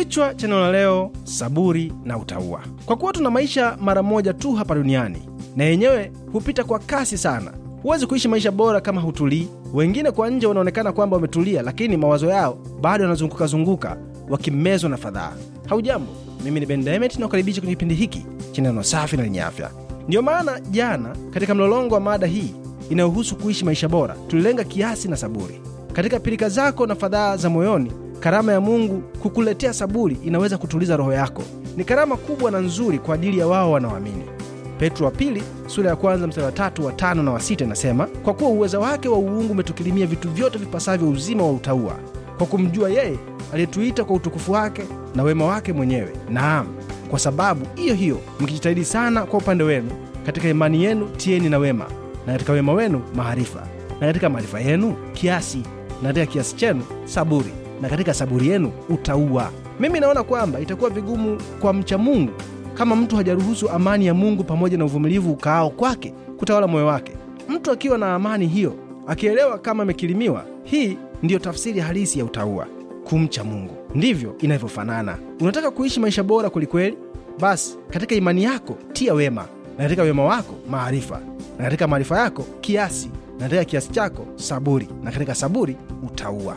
Kichwa cha neno la leo, saburi na utaua Kwa kuwa tuna maisha mara moja tu hapa duniani na yenyewe hupita kwa kasi sana. Huwezi kuishi maisha bora kama hutulii. Wengine kwa nje wanaonekana kwamba wametulia, lakini mawazo yao bado yanazungukazunguka wakimezwa na fadhaa. Haujambo, mimi ni Ben Demet na kukaribisha kwenye kipindi hiki cha neno safi na lenye afya. Ndiyo maana jana, katika mlolongo wa mada hii inayohusu kuishi maisha bora, tulilenga kiasi na saburi katika pilika zako na fadhaa za moyoni Karama ya Mungu kukuletea saburi inaweza kutuliza roho yako. Ni karama kubwa na nzuri kwa ajili ya wao wanaoamini. Petro wa pili sura ya kwanza mstari wa tatu wa tano na wa sita inasema, kwa kuwa uweza wake wa uungu umetukirimia vitu vyote vipasavyo uzima wa utauwa kwa kumjua yeye aliyetuita kwa utukufu wake na wema wake mwenyewe. Naam, kwa sababu hiyo hiyo mkijitahidi sana kwa upande wenu, katika imani yenu tieni na wema, na katika wema wenu maarifa, na katika maarifa yenu kiasi, na katika kiasi chenu saburi na katika saburi yenu utaua. Mimi naona kwamba itakuwa vigumu kwa mcha Mungu kama mtu hajaruhusu amani ya Mungu pamoja na uvumilivu ukaao kwake kutawala moyo wake. Mtu akiwa na amani hiyo, akielewa kama amekirimiwa, hii ndiyo tafsiri halisi ya utaua. Kumcha Mungu ndivyo inavyofanana. Unataka kuishi maisha bora kwelikweli? Basi katika imani yako tia wema, na katika wema wako maarifa, na katika maarifa yako kiasi, na katika kiasi chako saburi, na katika saburi utaua.